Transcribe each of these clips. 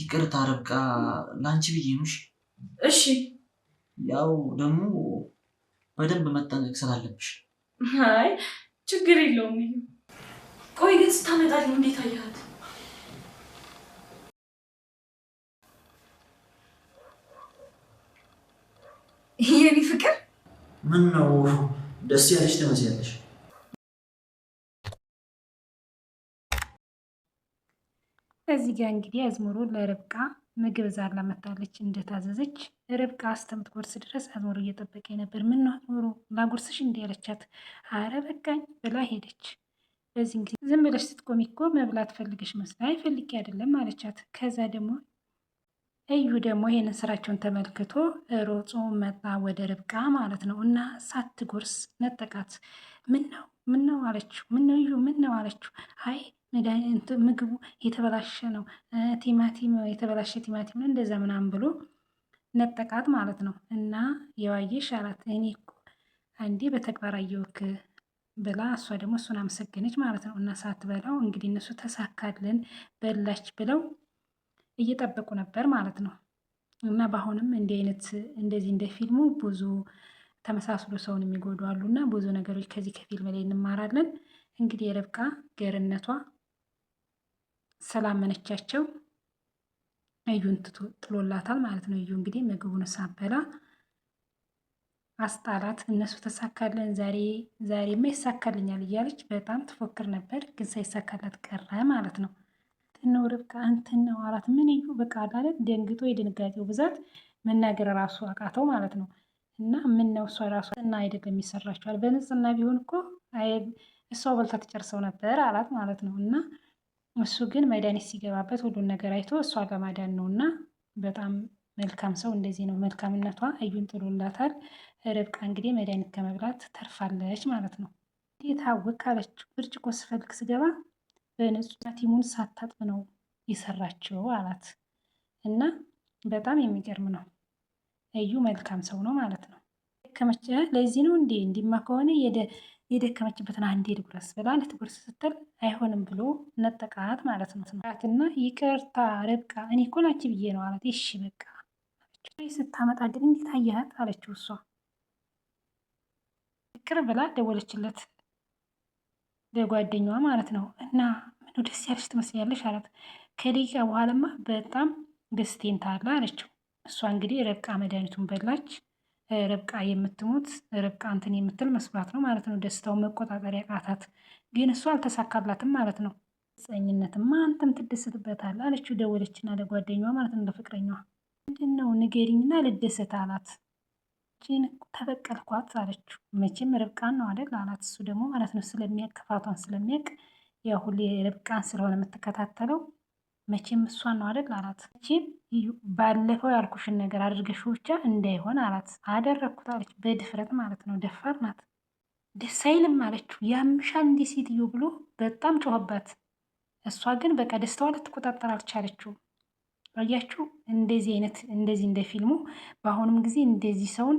ይቅርታ ርብቃ፣ ለአንቺ ብዬ ነው። እሺ፣ ያው ደግሞ በደንብ መጠንቀቅ ስላለብሽ። አይ ችግር የለውም። ቆይ ግን ስታመጣልኝ እንዴት አየሃት? የኔ ፍቅር ምን ነው ደስ ያለሽ ትመስያለሽ። ከዚህ ጋር እንግዲህ አዝሙሮ ለርብቃ ምግብ ዛር ላመጣለች እንደታዘዘች ርብቃ እስከምትጎርስ ድረስ አዝሙሮ እየጠበቀ ነበር። ምን ነው አዝሙሮ ላጎርስሽ እንዲ ያለቻት፣ አረ በቃኝ ብላ ሄደች። በዚህ ጊዜ ዝም ብለሽ ስትቆሚ እኮ መብላት ፈልገሽ መስላ አይፈልግ አይደለም አለቻት። ከዛ ደግሞ እዩ ደግሞ ይህንን ስራቸውን ተመልክቶ ሮጾ መጣ ወደ ርብቃ ማለት ነው። እና ሳትጎርስ ነጠቃት። ምን ነው ምን ነው አለችው። ምን ነው እዩ ምን ነው አለችው። አይ ምግቡ የተበላሸ ነው፣ ቲማቲም የተበላሸ ቲማቲም ነው እንደዛ ምናምን ብሎ ነጠቃት ማለት ነው። እና የዋየሽ አላት እኔ አንዴ በተግባር አየሁክ ብላ እሷ ደግሞ እሱን አመሰገነች ማለት ነው። እና ሳትበላው እንግዲህ እነሱ ተሳካልን በላች ብለው እየጠበቁ ነበር ማለት ነው። እና በአሁንም እንዲህ አይነት እንደዚህ እንደ ፊልሙ ብዙ ተመሳስሎ ሰውን የሚጎዱ አሉ እና ብዙ ነገሮች ከዚህ ከፊልም ላይ እንማራለን። እንግዲህ የረብቃ ገርነቷ ስላመነቻቸው እዩን ጥሎላታል ማለት ነው። እዩ እንግዲህ ምግቡን ሳበላ አስጣላት። እነሱ ተሳካለን ዛሬ ዛሬማ ይሳካልኛል እያለች በጣም ትፎክር ነበር፣ ግን ሳይሳካላት ቀረ ማለት ነው። ነው ርብቃ እንትን ነው አላት። ምን እዩ በቃ አዳለት ደንግጦ የድንጋጤው ብዛት መናገር ራሱ አቃተው ማለት ነው። እና ምን ነው እሷ ራሱ እና አይደለም ይሰራችኋል በንጽህና ቢሆን እኮ እሷ በልታ ትጨርሰው ነበር አላት ማለት ነው እና እሱ ግን መድኃኒት ሲገባበት ሁሉን ነገር አይቶ እሷ በማዳን ነው እና በጣም መልካም ሰው እንደዚህ ነው። መልካምነቷ እዩን ጥሎላታል። ርብቃ እንግዲህ መድኃኒት ከመብላት ተርፋለች ማለት ነው። የታወቅ አለችው። ብርጭቆ ስፈልግ ስገባ በንጹህ ቲሙን ሳታጥብ ነው የሰራችው አላት እና በጣም የሚገርም ነው። እዩ መልካም ሰው ነው ማለት ነው። የደከመች ለዚህ ነው እንዴ? እንዲማ ከሆነ የደከመችበትን አንዴ ልጉረስ ብላ ልትጉርስ ስትል አይሆንም ብሎ ነጠቃት ማለት ነው። እና ይቅርታ ርብቃ፣ እኔ እኮ ላንቺ ብዬ ነው አላት። እሺ በቃ ስታመጣ ግን እንዴት አያት አለችው። እሷ ፍቅር ብላ ደወለችለት ለጓደኛዋ ማለት ነው። እና ምን ደስ ያለች ትመስያለሽ አላት። ከደቂቃ በኋላማ በጣም ደስቴን ታላ አለችው። እሷ እንግዲህ ርብቃ መድኃኒቱን በላች። ርብቃ የምትሞት ርብቃ እንትን የምትል መስሏት ነው ማለት ነው። ደስታውን መቆጣጠር ያቃታት ግን እሱ አልተሳካላትም ማለት ነው። ጸኝነትማ አንተም ትደሰትበታል አለችው። ደወለችና ለጓደኛዋ ማለት ነው ለፍቅረኛዋ ምንድን ነው ንገሪኝና ልደሰት አላት። ጂን ተበቀልኳት አለችው። መቼም ርብቃን ነው አደል አላት። እሱ ደግሞ ማለት ነው ስለሚያቅ ክፋቷን ስለሚያቅ ያው ሁሌ ርብቃን ስለሆነ የምትከታተለው መቼም እሷን ነው አደል አላት። መቼም ባለፈው ያልኩሽን ነገር አድርገሽ ብቻ እንዳይሆን አላት። አደረግኩት አለች በድፍረት ማለት ነው። ደፋር ናት። ደስ አይልም አለችው። ያምሻል እንዲህ ሴትዮ ብሎ በጣም ጮኸባት። እሷ ግን በቃ ደስታዋ ልትቆጣጠር አልቻለችው። አያችሁ እንደዚህ አይነት እንደዚህ እንደ ፊልሙ በአሁኑም ጊዜ እንደዚህ ሰውን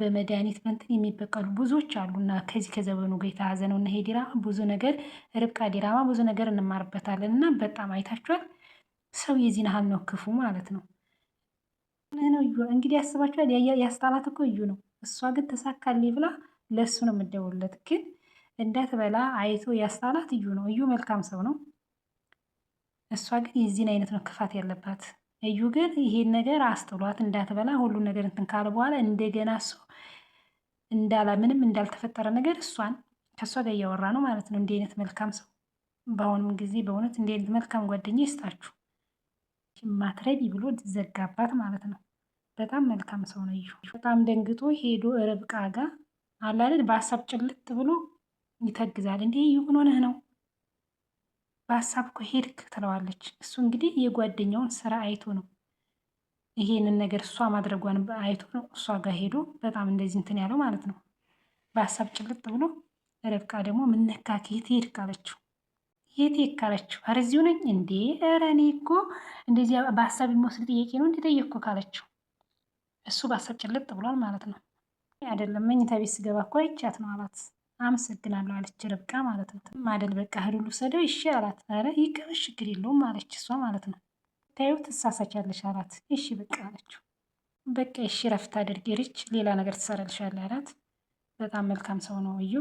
በመድኃኒት በእንትን የሚበቀሉ ብዙዎች አሉና ከዚህ ከዘመኑ ጋር የተያዘ ነው እና ይሄ ዲራማ ብዙ ነገር ርብቃ ዲራማ ብዙ ነገር እንማርበታለን እና በጣም አይታችኋል። ሰው የዚህን ያህል ነው ክፉ ማለት ነው ነው እንግዲህ ያስባችኋል። ያስጣላት እኮ እዩ ነው። እሷ ግን ተሳካልኝ ብላ ለእሱ ነው የምደውለት ግን እንዳትበላ አይቶ ያስጣላት እዩ ነው። እዩ መልካም ሰው ነው። እሷ ግን የዚህን አይነት ነው ክፋት ያለባት። እዩ ግን ይሄን ነገር አስጥሏት እንዳትበላ ሁሉ ነገር እንትን ካለ በኋላ እንደገና እሱ እንዳላ ምንም እንዳልተፈጠረ ነገር እሷን ከእሷ ጋር እያወራ ነው ማለት ነው። እንዲህ አይነት መልካም ሰው በአሁኑም ጊዜ በእውነት እንዲህ አይነት መልካም ጓደኛ ይስጣችሁ። ማትረቢ ብሎ ዘጋባት ማለት ነው። በጣም መልካም ሰው ነው እዩ። በጣም ደንግጦ ሄዶ ርብቃ ጋር አላደል በሀሳብ ጭልጥ ብሎ ይተግዛል። እንዲህ እዩ ምን ሆነህ ነው በሀሳብ እኮ ሄድክ ትለዋለች። እሱ እንግዲህ የጓደኛውን ስራ አይቶ ነው ይሄንን ነገር እሷ ማድረጓን አይቶ ነው እሷ ጋር ሄዶ በጣም እንደዚህ እንትን ያለው ማለት ነው። በሀሳብ ጭልጥ ብሎ ርብቃ ደግሞ ምነካክ የት ሄድክ አለችው። የት ሄድክ አለችው። ኧረ እዚሁ ነኝ እንዴ ኧረ እኔ እኮ እንደዚህ በሀሳብ የሚወስድ ጥያቄ ነው እንዴ ጠየቅኩ ካለችው እሱ በሀሳብ ጭልጥ ብሏል ማለት ነው። አይደለም መኝታ ቤት ስገባ እኮ አይቻት ነው አላት። አመሰግናለሁ አለች ርብቃ ማለት ነው። ማደል በቃ እህሉን ልውሰደው እሺ አላት። ኧረ ይቅርሽ ችግር የለውም አለች እሷ ማለት ነው። ታዩ ትሳሳቻለሽ አላት። እሺ በቃ አለችው። በቃ እሺ ረፍት አድርጊ ርች ሌላ ነገር ትሰራልሻለች አላት። በጣም መልካም ሰው ነው እዩ።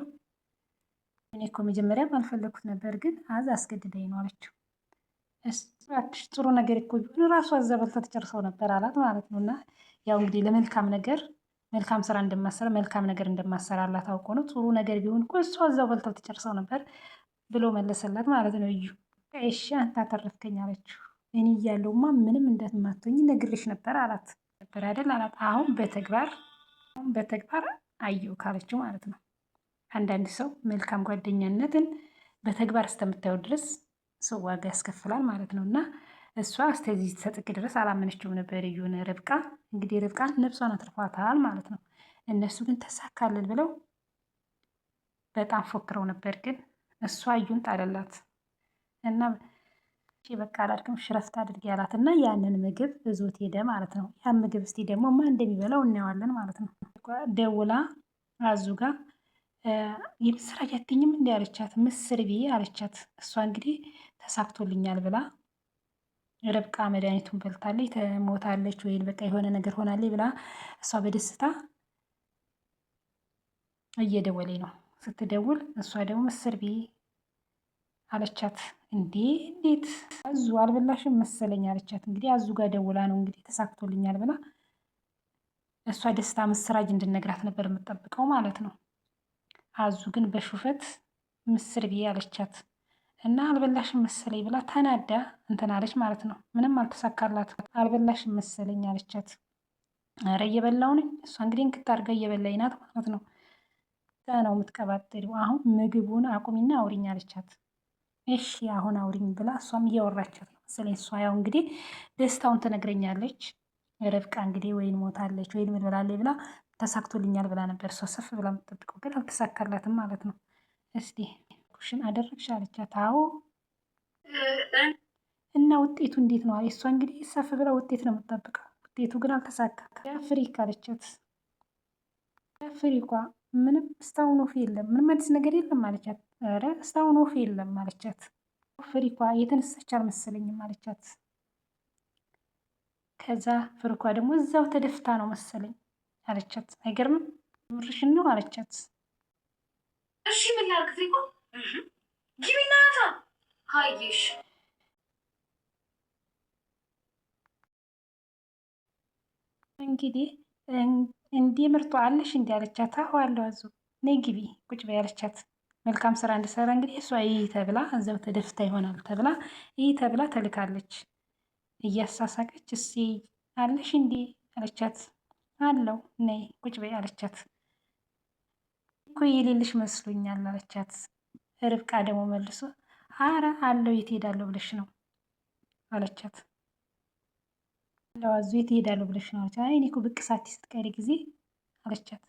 እኔ እኮ መጀመሪያም አልፈለግኩት ነበር፣ ግን አዝ አስገድደኝ ነው አለችው። ጥሩ ነገር እኮ ቢሆን ራሱ አዘበልታ ተጨርሰው ነበር አላት ማለት ነው። እና ያው እንግዲህ ለመልካም ነገር መልካም ስራ እንደማሰራ መልካም ነገር እንደማሰራላት አውቆ ነው። ጥሩ ነገር ቢሆን እኮ እሷ እዛው በልተው ትጨርሰው ነበር ብሎ መለሰላት ማለት ነው። እዩ እሺ አንተ አተረፍከኝ አለችው። እኔ እያለውማ ምንም እንደማትሆኝ ነግርሽ ነበር አላት። ነበር አይደል አላት። አሁን በተግባር አሁን በተግባር አየሁ ካለችው ማለት ነው። አንዳንድ ሰው መልካም ጓደኛነትን በተግባር እስከምታየው ድረስ ሰው ዋጋ ያስከፍላል ማለት ነው። እና እሷ እስከዚህ ተጥቅ ድረስ አላመነችውም ነበር እዩን ርብቃ እንግዲህ ርብቃ ነፍሷን አትርፏታል ማለት ነው። እነሱ ግን ተሳካልን ብለው በጣም ፎክረው ነበር፣ ግን እሷ አዩን ጣለላት እና በቃ አላድግም ሽረፍት አድርጌ ያላት እና ያንን ምግብ እዞት ሄደ ማለት ነው። ያን ምግብ እስቲ ደግሞ ማን እንደሚበላው እናየዋለን ማለት ነው። ደውላ አዙ ጋር የምስራች አያትኝም እንዲ አለቻት፣ ምስር ቢ አለቻት። እሷ እንግዲህ ተሳክቶልኛል ብላ ርብቃ መድኃኒቱን በልታለች ትሞታለች ወይም በቃ የሆነ ነገር ሆናለች ብላ እሷ በደስታ እየደወሌ ነው። ስትደውል እሷ ደግሞ ምስር ቤ አለቻት። እንዴ እንዴት አዙ አልበላሽም መሰለኝ አለቻት። እንግዲህ አዙ ጋር ደውላ ነው እንግዲህ ተሳክቶልኛል ብላ እሷ ደስታ ምስራጅ እንድነግራት ነበር የምጠብቀው ማለት ነው። አዙ ግን በሹፈት ምስር ቤ አለቻት። እና አልበላሽም መሰለኝ ብላ ተናዳ እንትን አለች ማለት ነው። ምንም አልተሳካላት። አልበላሽም መሰለኝ አለቻት። ኧረ እየበላሁ ነኝ። እሷ እንግዲህ እንክታርገው አድርጋ እየበላኝ ናት ማለት ነው። ነው የምትቀባጥሪው። አሁን ምግቡን አቁሚና አውሪኝ አለቻት። እሺ አሁን አውሪኝ ብላ እሷም እያወራቻት ነው መሰለኝ። እሷ ያው እንግዲህ ደስታውን ትነግረኛለች። ረብቃ እንግዲህ ወይን ሞታለች ወይን ምን ብላለች ብላ ተሳክቶልኛል ብላ ነበር እሷ ሰፍ ብላ የምትጠብቀው፣ ግን አልተሳካላትም ማለት ነው። እስቲ ኩሽን አደረግሽ አለቻት። አዎ እና ውጤቱ እንዴት ነው? እሷ እንግዲህ ሰፍ ብላ ውጤት ነው የምጠብቀው። ውጤቱ ግን አልተሳካም። ፍሪ ካለቻት ፍሪ ኳ ምንም እስካሁን ወፍ የለም፣ ምንም አዲስ ነገር የለም አለቻት። ኧረ እስካሁን ወፍ የለም አለቻት። ፍሪ ኳ የተነሳች አልመሰለኝም አለቻት። ከዛ ፍሪ ኳ ደግሞ እዛው ተደፍታ ነው መሰለኝ አለቻት። አይገርምም? ምርሽን ነው አለቻት። እሺ ምን ላድርግ ግቢ ናታ። አየሽ እንግዲህ እንዲህ አለሽ እንዲህ አለቻት። አሁ አለው አዙ ነይ ግቢ ቁጭ በይ አለቻት። መልካም ስራ እንድሰራ እንግዲህ እሷ ይህ ተብላ እዛው ተደፍታ ይሆናል ተብላ ይህ ተብላ ተልካለች። እያሳሳቀች እስ አለሽ እንዲህ አለቻት። አለው ነይ ቁጭ በይ አለቻት። እኮ የሌለሽ መስሎኛል አለቻት። ርብቃ ደግሞ መልሶ አረ አለው የት ሄዳለሁ ብለሽ ነው አለቻት። ለዋዙ የት ሄዳለሁ ብለሽ ነው አለቻት። አይ እኔ እኮ ብቅ ሳቲ ስትቀሪ ጊዜ አለቻት።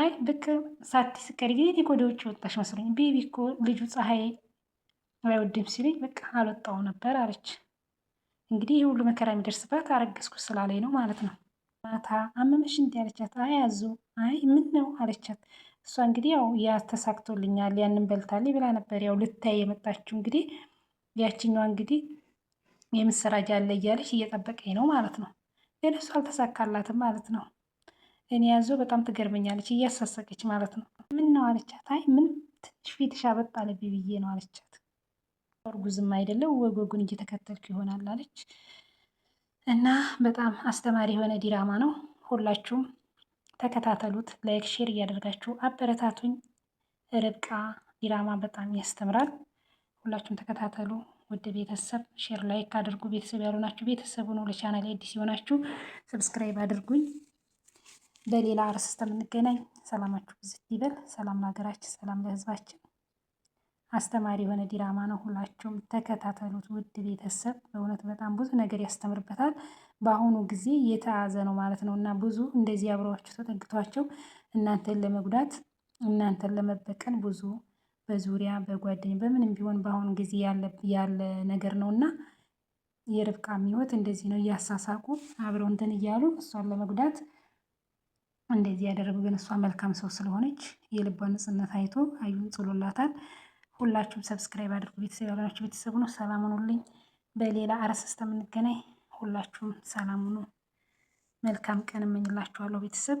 አይ ብቅ ሳቲ ስትቀሪ ጊዜ እኔ እኮ ወደ ውጭ ወጣሽ መስሎኝ፣ ቤቢ እኮ ልጁ ፀሐይ አይወድም ሲለኝ በቃ አልወጣው ነበር አለች። እንግዲህ ይህ ሁሉ መከራ የሚደርስባት አረገዝኩ ስላለኝ ነው ማለት ነው። ማታ አመመሽ እንዲህ አለቻት። አይ አዞ አይ ምን ነው አለቻት። እሷ እንግዲህ ያው ያተሳክቶልኛል ያንን በልታል ብላ ነበር ያው ልታይ የመጣችው እንግዲህ ያችኛዋ እንግዲህ የምስራች አለ እያለች እየጠበቀኝ ነው ማለት ነው። ግን እሱ አልተሳካላትም ማለት ነው። እኔ ያዘው በጣም ትገርመኛለች እያሳሰቀች ማለት ነው። ምን ነው አለቻት። አይ ምን ትንሽ ፊትሽ አበጥ ብዬ ነው አለቻት። እርጉዝም አይደለም ወጎጉን እየተከተልኩ ይሆናል አለች እና በጣም አስተማሪ የሆነ ዲራማ ነው ሁላችሁም ተከታተሉት። ላይክ፣ ሼር እያደረጋችሁ አበረታቱኝ። ርብቃ ዲራማ በጣም ያስተምራል። ሁላችሁም ተከታተሉ። ውድ ቤተሰብ ሼር ላይክ አድርጉ። ቤተሰብ ያልሆናችሁ ቤተሰቡ ነው። ለቻናል አዲስ የሆናችሁ ሰብስክራይብ አድርጉኝ። በሌላ ርዕስ እስከምንገናኝ ሰላማችሁ ብዝት ይበል። ሰላም ለሀገራችን፣ ሰላም ለሕዝባችን። አስተማሪ የሆነ ዲራማ ነው። ሁላችሁም ተከታተሉት። ውድ ቤተሰብ በእውነት በጣም ብዙ ነገር ያስተምርበታል። በአሁኑ ጊዜ እየተያዘ ነው ማለት ነው እና ብዙ እንደዚህ አብረዋቸው ተጠግቷቸው እናንተን ለመጉዳት እናንተን ለመበቀል ብዙ በዙሪያ በጓደኝ በምንም ቢሆን በአሁኑ ጊዜ ያለ ነገር ነው እና የርብቃ ሕይወት እንደዚህ ነው። እያሳሳቁ አብረው እንትን እያሉ እሷን ለመጉዳት እንደዚህ ያደረጉ። ግን እሷ መልካም ሰው ስለሆነች የልቧን ንጽህነት አይቶ አዩን ጽሎላታል። ሁላችሁም ሰብስክራይብ አድርጉ። ቤተሰብ ያላችሁ ቤተሰቡ ነው። ሰላም ሁኑልኝ። በሌላ አርዕስት እስከምንገናኝ ሁላችሁም ሰላም ሁኑ። መልካም ቀን እመኝላችኋለሁ ቤተሰብ።